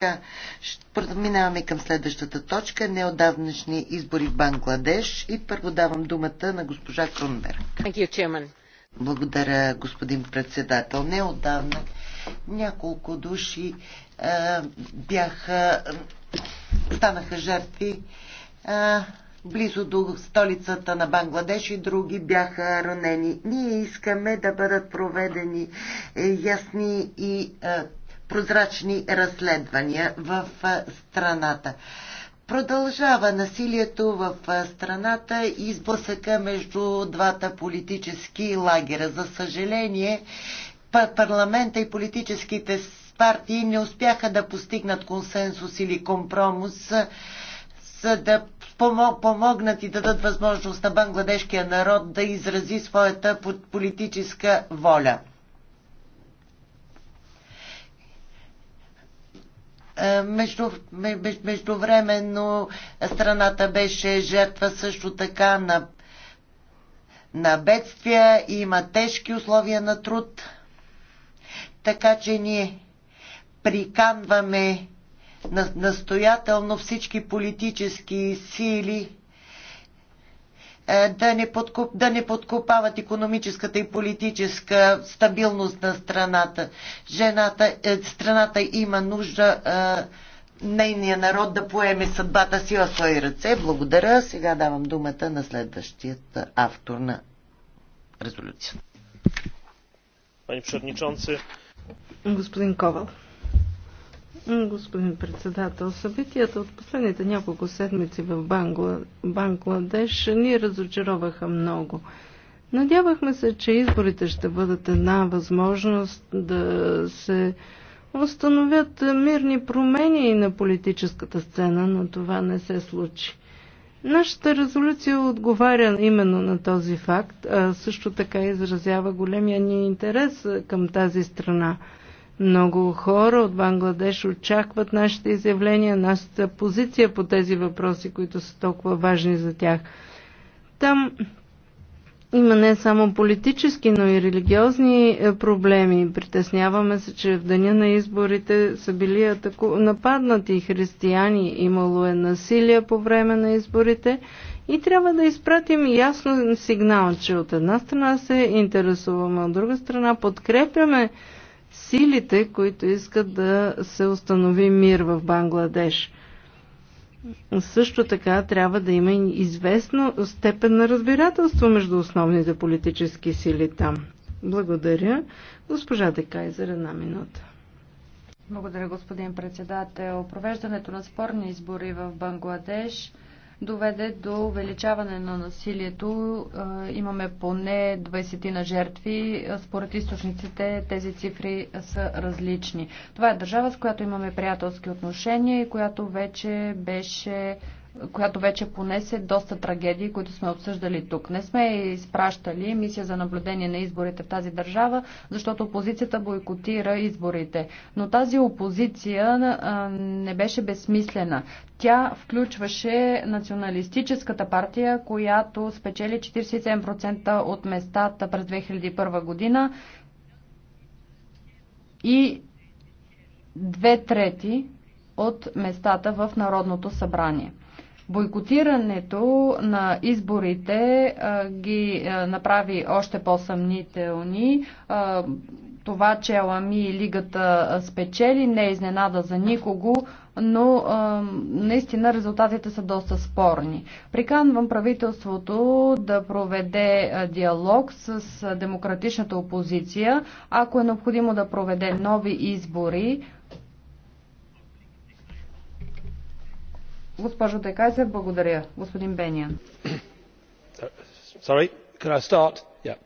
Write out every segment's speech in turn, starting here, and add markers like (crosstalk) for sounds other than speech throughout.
Така, минаваме към следващата точка. Неодавнашни избори в Бангладеш. И първо давам думата на госпожа Кронберг. You, Благодаря, господин председател. Неодавна няколко души а, бяха, станаха жертви а, близо до столицата на Бангладеш и други бяха ранени. Ние искаме да бъдат проведени е, ясни и прозрачни разследвания в страната. Продължава насилието в страната и сблъсъка между двата политически лагера. За съжаление, парламента и политическите партии не успяха да постигнат консенсус или компромис, за да помогнат и дадат възможност на бангладешкия народ да изрази своята политическа воля. Е, между, междувременно страната беше жертва също така на, на бедствия, има тежки условия на труд. Така че ние приканваме настоятелно всички политически сили е, да не, подкуп, да не подкопават економическата и политическа стабилност на страната. Жената, е, страната има нужда е, нейния народ да поеме съдбата си в свои ръце. Благодаря. Сега давам думата на следващият автор на резолюцията. Господин Ковал господин председател. Събитията от последните няколко седмици в Бангла... Бангладеш ни разочароваха много. Надявахме се, че изборите ще бъдат една възможност да се установят мирни промени на политическата сцена, но това не се случи. Нашата резолюция отговаря именно на този факт, а също така изразява големия ни интерес към тази страна. Много хора от Бангладеш очакват нашите изявления, нашата позиция по тези въпроси, които са толкова важни за тях. Там има не само политически, но и религиозни е, проблеми. Притесняваме се, че в деня на изборите са били атаку... нападнати християни, имало е насилие по време на изборите и трябва да изпратим ясно сигнал, че от една страна се интересуваме, от друга страна подкрепяме силите, които искат да се установи мир в Бангладеш. Също така трябва да има известно степен на разбирателство между основните политически сили там. Благодаря. Госпожа Декайзер, една минута. Благодаря, господин председател. Провеждането на спорни избори в Бангладеш – доведе до увеличаване на насилието. Е, имаме поне 20 на жертви. Е, според източниците тези цифри са различни. Това е държава, с която имаме приятелски отношения и която вече беше която вече понесе доста трагедии, които сме обсъждали тук. Не сме изпращали мисия за наблюдение на изборите в тази държава, защото опозицията бойкотира изборите. Но тази опозиция не беше безсмислена. Тя включваше националистическата партия, която спечели 47% от местата през 2001 година и две трети от местата в Народното събрание. Бойкотирането на изборите ги направи още по-съмнителни. Това, че Алами и лигата спечели, не е изненада за никого, но а, наистина резултатите са доста спорни. Приканвам правителството да проведе диалог с демократичната опозиция, ако е необходимо да проведе нови избори, Госпожо Декайзе, благодаря. Господин Бениан. Sorry, can I start? Yeah.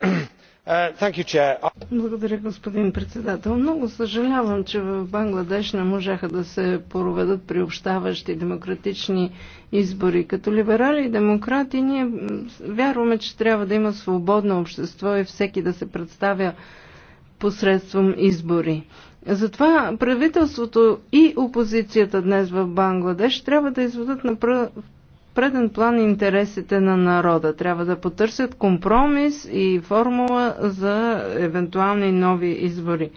(clears throat) Uh, благодаря, господин председател. Много съжалявам, че в Бангладеш не можаха да се проведат приобщаващи демократични избори. Като либерали и демократи ние вярваме, че трябва да има свободно общество и всеки да се представя посредством избори. Затова правителството и опозицията днес в Бангладеш трябва да изведат на преден план интересите на народа. Трябва да потърсят компромис и формула за евентуални нови избори.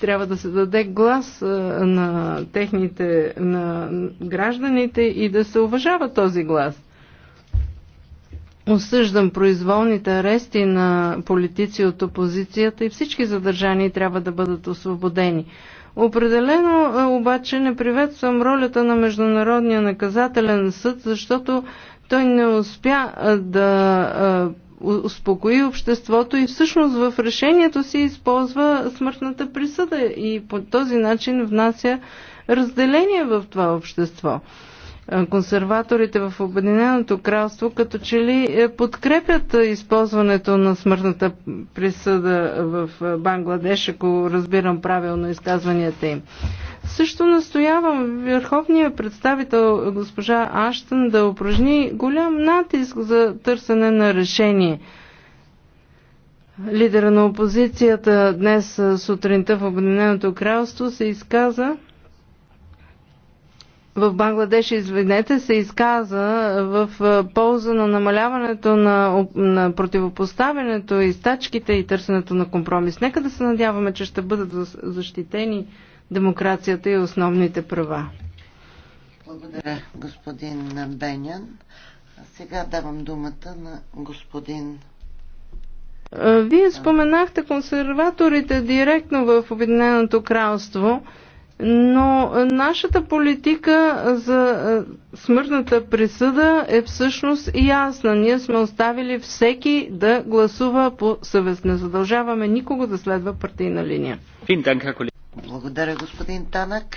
Трябва да се даде глас на техните, на гражданите и да се уважава този глас осъждам произволните арести на политици от опозицията и всички задържани трябва да бъдат освободени. Определено е, обаче не приветствам ролята на Международния наказателен съд, защото той не успя е, да е, успокои обществото и всъщност в решението си използва смъртната присъда и по този начин внася разделение в това общество консерваторите в Обединеното кралство като че ли е, подкрепят използването на смъртната присъда в Бангладеш, ако разбирам правилно изказванията им. Също настоявам върховният представител госпожа Аштън да упражни голям натиск за търсене на решение. Лидера на опозицията днес сутринта в Обединеното кралство се изказа в Бангладеш, извинете, се изказа в полза на намаляването на, на противопоставянето и стачките и търсенето на компромис. Нека да се надяваме, че ще бъдат защитени демокрацията и основните права. Благодаря, господин Бенян. сега давам думата на господин вие споменахте консерваторите директно в Обединеното кралство. Но нашата политика за е, смъртната присъда е всъщност ясна. Ние сме оставили всеки да гласува по съвест. Не задължаваме никого да следва партийна линия. Благодаря, господин Танък.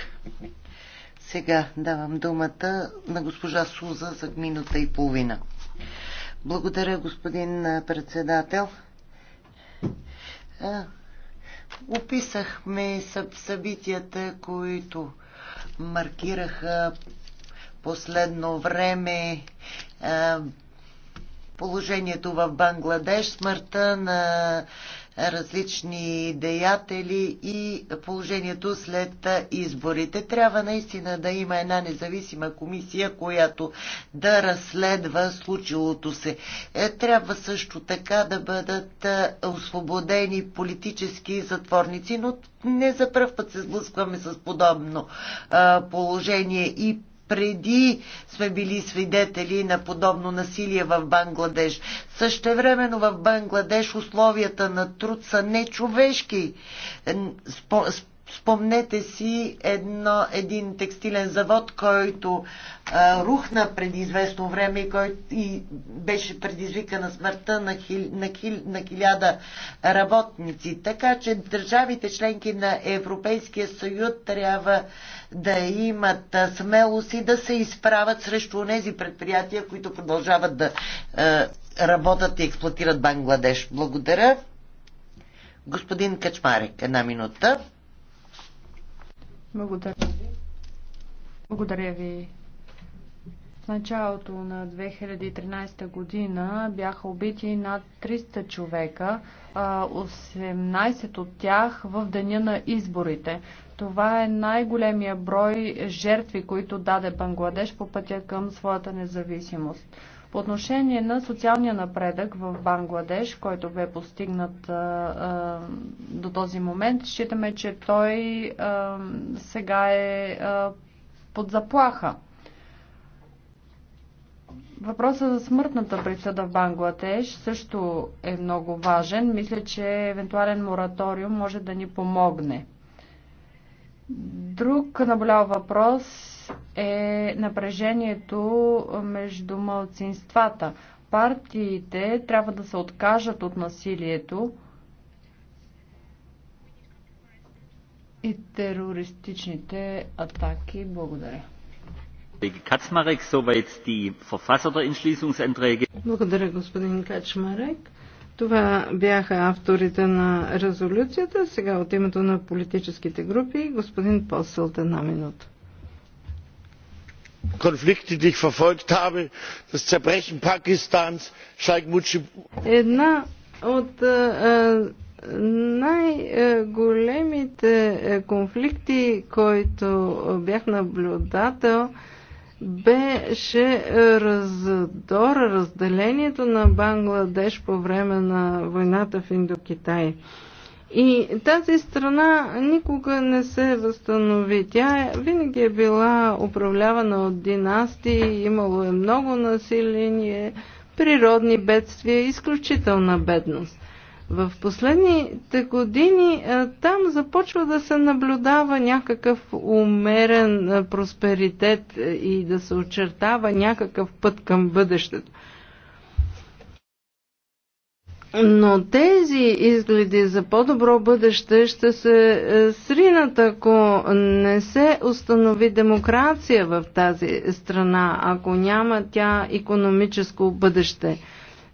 Сега давам думата на госпожа Суза за минута и половина. Благодаря, господин е, председател. Е, Описахме събитията, които маркираха последно време положението в Бангладеш, смъртта на различни деятели и положението след изборите. Трябва наистина да има една независима комисия, която да разследва случилото се. Е, трябва също така да бъдат е, освободени политически затворници, но не за първ път се сблъскваме с подобно е, положение и преди сме били свидетели на подобно насилие в Бангладеш. Същевременно в Бангладеш условията на труд са нечовешки. Спомнете си едно, един текстилен завод, който а, рухна преди известно време и, който, и беше предизвикана смъртта на, хил, на, хил, на хиляда работници. Така че държавите членки на Европейския съюз трябва да имат смелост и да се изправят срещу тези предприятия, които продължават да а, работят и експлуатират Бангладеш. Благодаря. Господин Качмарик, една минута. Благодаря ви. Благодаря ви. В началото на 2013 година бяха убити над 300 човека, 18 от тях в деня на изборите. Това е най-големия брой жертви, които даде Бангладеш по пътя към своята независимост. По отношение на социалния напредък в Бангладеш, който бе постигнат а, а, до този момент, считаме, че той а, сега е а, под заплаха. Въпросът за смъртната присъда в Бангладеш също е много важен. Мисля, че евентуален мораториум може да ни помогне. Друг наболял въпрос е напрежението между мълцинствата. Партиите трябва да се откажат от насилието и терористичните атаки. Благодаря. Благодаря, господин Качмарек. Това бяха авторите на резолюцията. Сега от името на политическите групи господин Посълт една минута konflikte die ich verfolgt habe das zerbrechen pakistans една от е, е, най-големите е, конфликти, който бях наблюдател, беше раздор, разделението на Бангладеш по време на войната в Индокитай. И тази страна никога не се възстанови. Тя е, винаги е била управлявана от династии, имало е много население, природни бедствия, изключителна бедност. В последните години е, там започва да се наблюдава някакъв умерен е, просперитет е, и да се очертава някакъв път към бъдещето. Но тези изгледи за по-добро бъдеще ще се е, сринат, ако не се установи демокрация в тази страна, ако няма тя економическо бъдеще.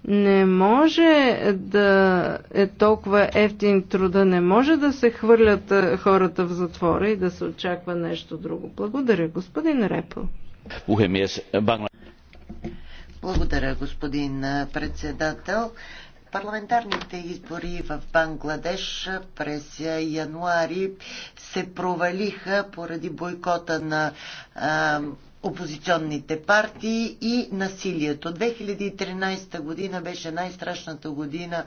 Не може да е толкова ефтин труда, не може да се хвърлят е, хората в затвора и да се очаква нещо друго. Благодаря, господин Репо. Благодаря, господин е, председател. Парламентарните избори в Бангладеш през януари се провалиха поради бойкота на а, опозиционните партии и насилието. 2013 година беше най-страшната година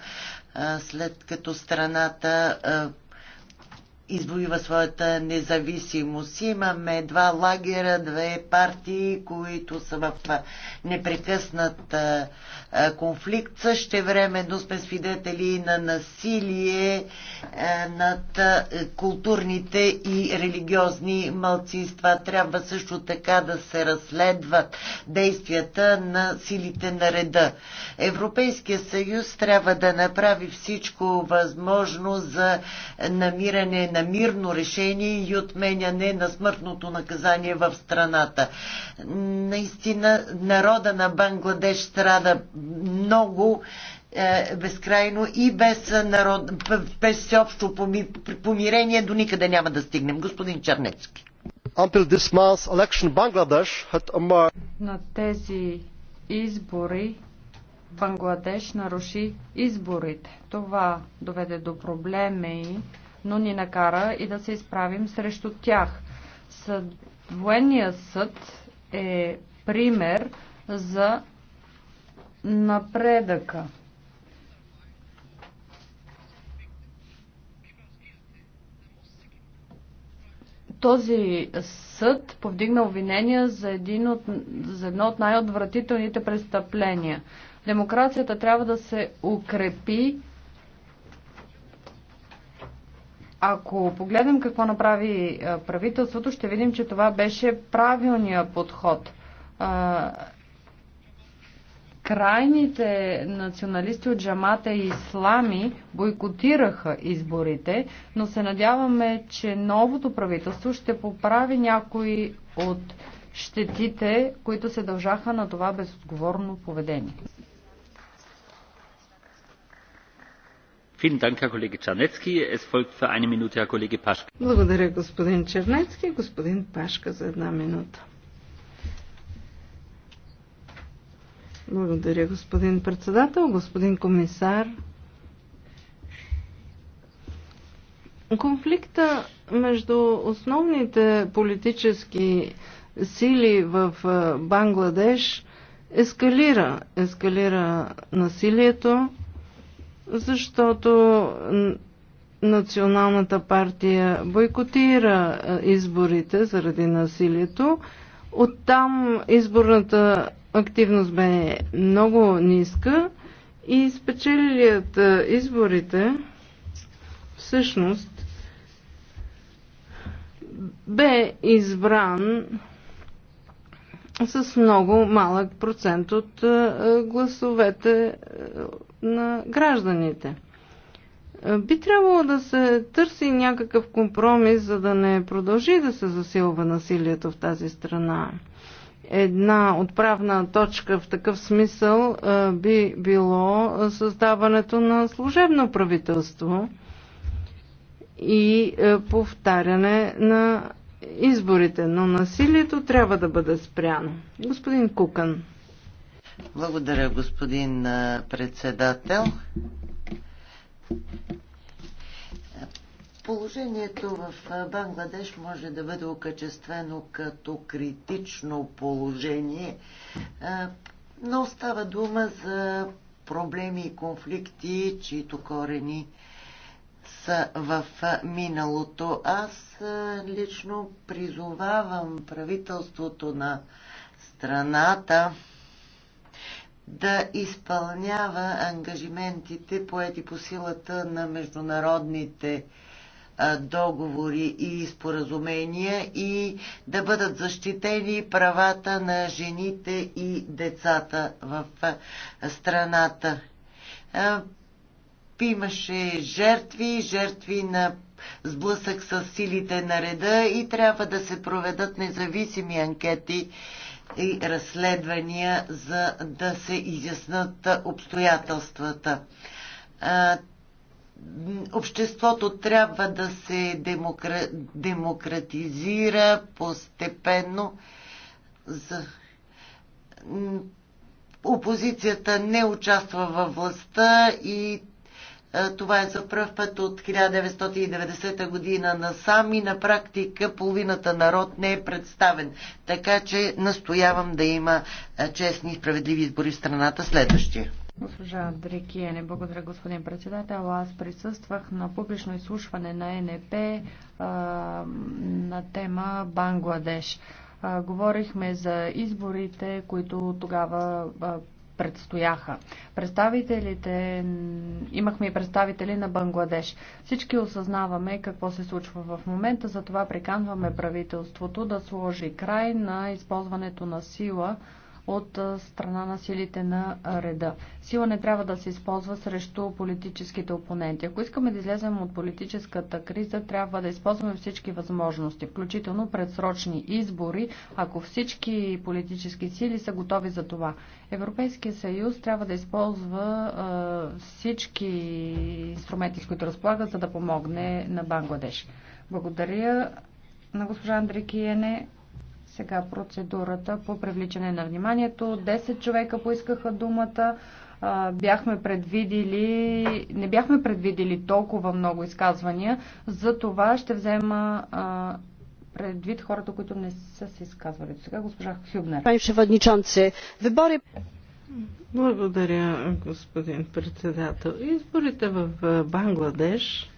а, след като страната а, извоюва своята независимост. Имаме два лагера, две партии, които са в непрекъснат конфликт. но сме свидетели на насилие над културните и религиозни мълцинства. Трябва също така да се разследват действията на силите на реда. Европейския съюз трябва да направи всичко възможно за намиране на на мирно решение и отменяне на смъртното наказание в страната. Наистина народа на Бангладеш страда много е, безкрайно и без, народ, без всеобщо помирение до никъде няма да стигнем. Господин Чернецки. На тези избори Бангладеш наруши изборите. Това доведе до проблеми но ни накара и да се изправим срещу тях. Съд... Военния съд е пример за напредъка. този съд повдигна обвинения за, един от, за едно от най-отвратителните престъпления. Демокрацията трябва да се укрепи Ако погледнем какво направи правителството, ще видим, че това беше правилният подход. Крайните националисти от джамата и ислами бойкотираха изборите, но се надяваме, че новото правителство ще поправи някои от щетите, които се дължаха на това безотговорно поведение. Благодаря, господин Чернецки. Господин Пашка за една минута. Благодаря, господин председател, господин комисар. Конфликта между основните политически сили в Бангладеш ескалира. Ескалира насилието, защото Националната партия бойкотира изборите заради насилието. Оттам изборната активност бе много ниска и спечелилият изборите всъщност бе избран с много малък процент от гласовете на гражданите. Е, би трябвало да се търси някакъв компромис, за да не продължи да се засилва насилието в тази страна. Една отправна точка в такъв смисъл е, би било създаването на служебно правителство и е, повтаряне на изборите, но насилието трябва да бъде спряно. Господин Кукан. Благодаря, господин председател. Положението в Бангладеш може да бъде окачествено като критично положение, но става дума за проблеми и конфликти, чието корени са в миналото. Аз лично призовавам правителството на страната да изпълнява ангажиментите, поети по силата на международните договори и споразумения и да бъдат защитени правата на жените и децата в страната. Имаше жертви, жертви на сблъсък с силите на реда и трябва да се проведат независими анкети и разследвания, за да се изяснат обстоятелствата. Обществото трябва да се демокра... демократизира постепенно. За... Опозицията не участва във властта и е, това е за пръв път от 1990 година насам и на практика половината народ не е представен. Така че настоявам да има е, честни и справедливи избори в страната следващия. Госпожа Дрекиене, благодаря господин председател. Аз присъствах на публично изслушване на НП е, на тема Бангладеш. говорихме за изборите, които тогава а, предстояха. Представителите, имахме и представители на Бангладеш. Всички осъзнаваме какво се случва в момента, затова приканваме правителството да сложи край на използването на сила от страна на силите на реда. Сила не трябва да се използва срещу политическите опоненти. Ако искаме да излезем от политическата криза, трябва да използваме всички възможности, включително предсрочни избори, ако всички политически сили са готови за това. Европейския съюз трябва да използва всички инструменти, с които разполага, за да помогне на Бангладеш. Благодаря на госпожа Андрекиене. Сега процедурата по привличане на вниманието. 10 човека поискаха думата. Бяхме предвидили, не бяхме предвидили толкова много изказвания, за това ще взема предвид хората, които не са се изказвали до сега. Госпожа Хюбнер. Пани Шеводничонци, вибори... Благодаря, господин председател. Изборите в Бангладеш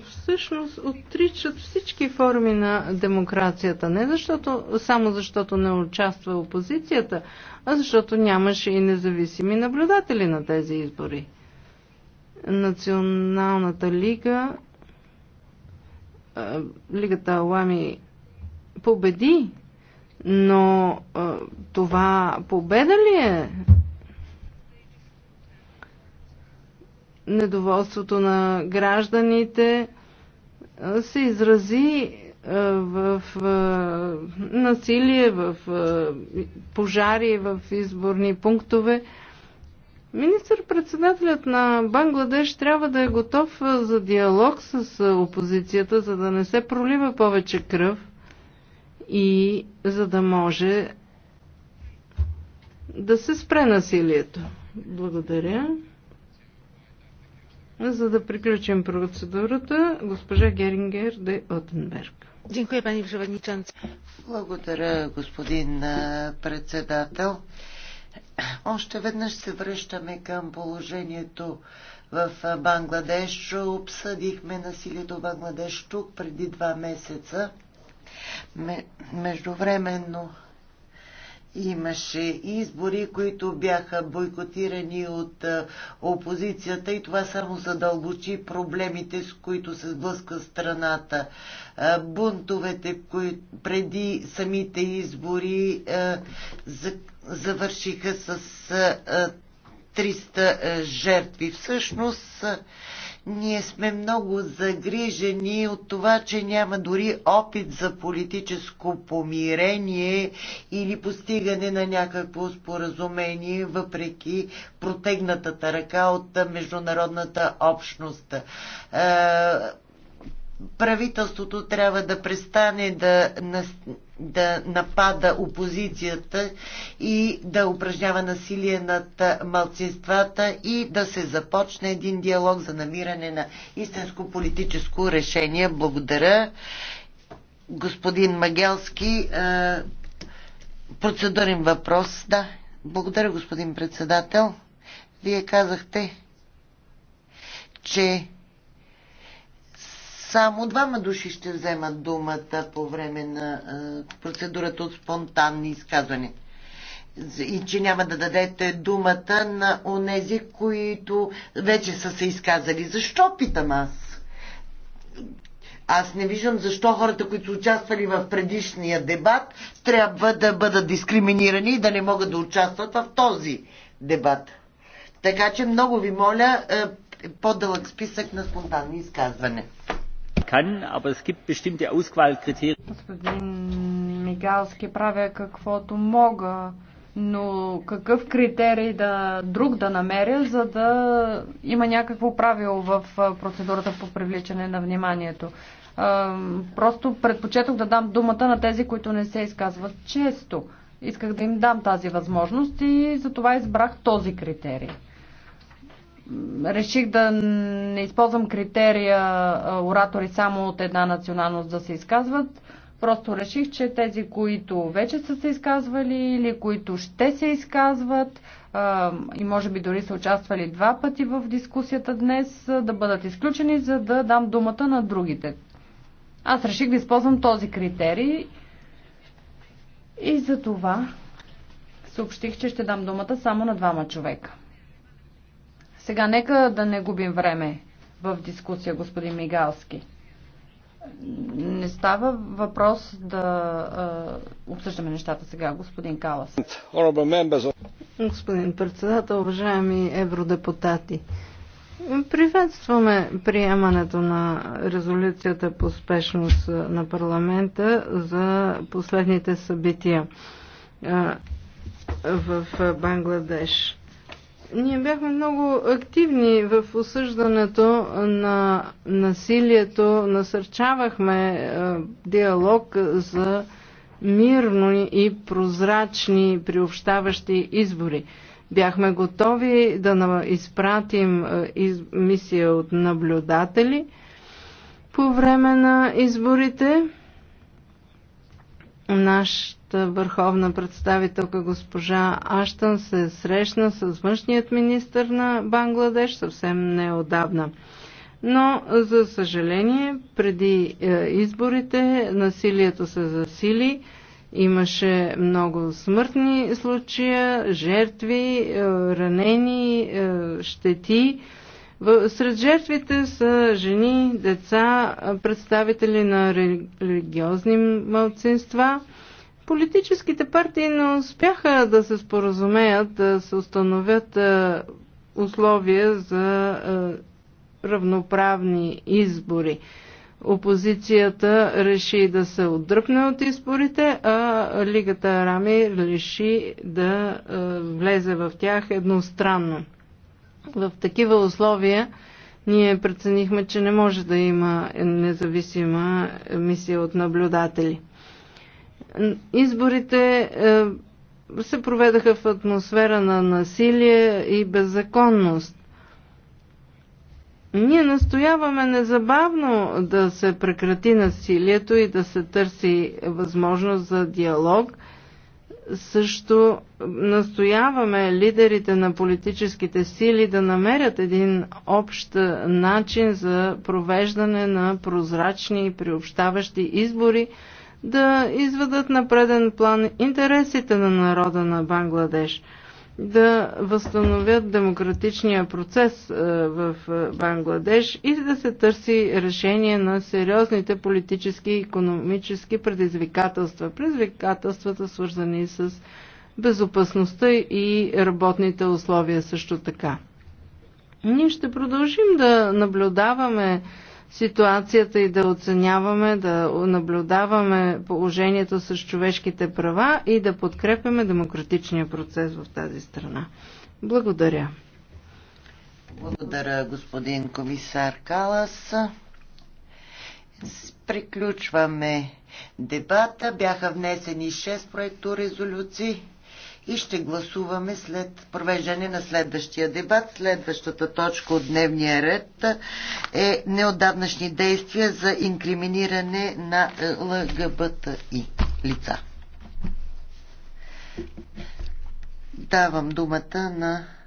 всъщност отричат всички форми на демокрацията. Не защото, само защото не участва опозицията, а защото нямаше и независими наблюдатели на тези избори. Националната лига, лигата Алами победи, но това победа ли е недоволството на гражданите се изрази в насилие, в пожари, в изборни пунктове. Министър-председателят на Бангладеш трябва да е готов за диалог с опозицията, за да не се пролива повече кръв и за да може да се спре насилието. Благодаря. За да приключим процедурата, госпожа Герингер де Отенберг. Благодаря, господин председател. Още веднъж се връщаме към положението в Бангладеш. Обсъдихме насилието в Бангладеш тук преди два месеца. Междувременно Имаше избори, които бяха бойкотирани от опозицията и това само задълбочи проблемите, с които се сблъска страната. Бунтовете, които преди самите избори завършиха с 300 жертви. Всъщност ние сме много загрижени от това, че няма дори опит за политическо помирение или постигане на някакво споразумение, въпреки протегнатата ръка от международната общност. Е, правителството трябва да престане да, да напада опозицията и да упражнява насилие над малцинствата и да се започне един диалог за намиране на истинско политическо решение. Благодаря. Господин Магелски, процедурен въпрос. Да, благодаря, господин председател. Вие казахте, че само двама души ще вземат думата по време на процедурата от спонтанни изказвания. И че няма да дадете думата на онези, които вече са се изказали. Защо, питам аз? Аз не виждам защо хората, които са участвали в предишния дебат, трябва да бъдат дискриминирани и да не могат да участват в този дебат. Така че много ви моля, е, по-дълъг списък на спонтанни изказване kann, aber es gibt bestimmte Auswahlkriterien. Господин Мигалски правя каквото мога, но какъв критерий да друг да намеря, за да има някакво правило в процедурата по привличане на вниманието. Просто предпочетох да дам думата на тези, които не се изказват често. Исках да им дам тази възможност и затова избрах този критерий реших да не използвам критерия оратори само от една националност да се изказват. Просто реших, че тези, които вече са се изказвали или които ще се изказват и може би дори са участвали два пъти в дискусията днес, да бъдат изключени, за да дам думата на другите. Аз реших да използвам този критерий и за това съобщих, че ще дам думата само на двама човека. Сега нека да не губим време в дискусия, господин Мигалски. Не става въпрос да а, обсъждаме нещата сега, господин Калас. Господин председател, уважаеми евродепутати, приветстваме приемането на резолюцията по спешност на парламента за последните събития в Бангладеш. Ние бяхме много активни в осъждането на насилието, насърчавахме е, диалог за мирно и прозрачни приобщаващи избори. Бяхме готови да изпратим е, мисия от наблюдатели по време на изборите. Нашата върховна представителка госпожа Аштън се срещна с външният министр на Бангладеш съвсем неодавна. Но, за съжаление, преди е, изборите насилието се засили. Имаше много смъртни случая, жертви, е, ранени, е, щети. Сред жертвите са жени, деца, представители на религиозни мълцинства. Политическите партии не успяха да се споразумеят, да се установят условия за равноправни избори. Опозицията реши да се отдръпне от изборите, а Лигата Рами реши да влезе в тях едностранно. В такива условия ние преценихме, че не може да има независима мисия от наблюдатели. Изборите е, се проведаха в атмосфера на насилие и беззаконност. Ние настояваме незабавно да се прекрати насилието и да се търси възможност за диалог – също настояваме лидерите на политическите сили да намерят един общ начин за провеждане на прозрачни и приобщаващи избори, да изведат на преден план интересите на народа на Бангладеш – да възстановят демократичния процес е, в е, Бангладеш и да се търси решение на сериозните политически и економически предизвикателства. Предизвикателствата свързани с безопасността и работните условия също така. Ние ще продължим да наблюдаваме ситуацията и да оценяваме, да наблюдаваме положението с човешките права и да подкрепяме демократичния процес в тази страна. Благодаря. Благодаря, господин комисар Калас. Приключваме дебата. Бяха внесени 6 проекто резолюции и ще гласуваме след провеждане на следващия дебат. Следващата точка от дневния ред е неотдавнашни действия за инкриминиране на ЛГБТИ лица. Давам думата на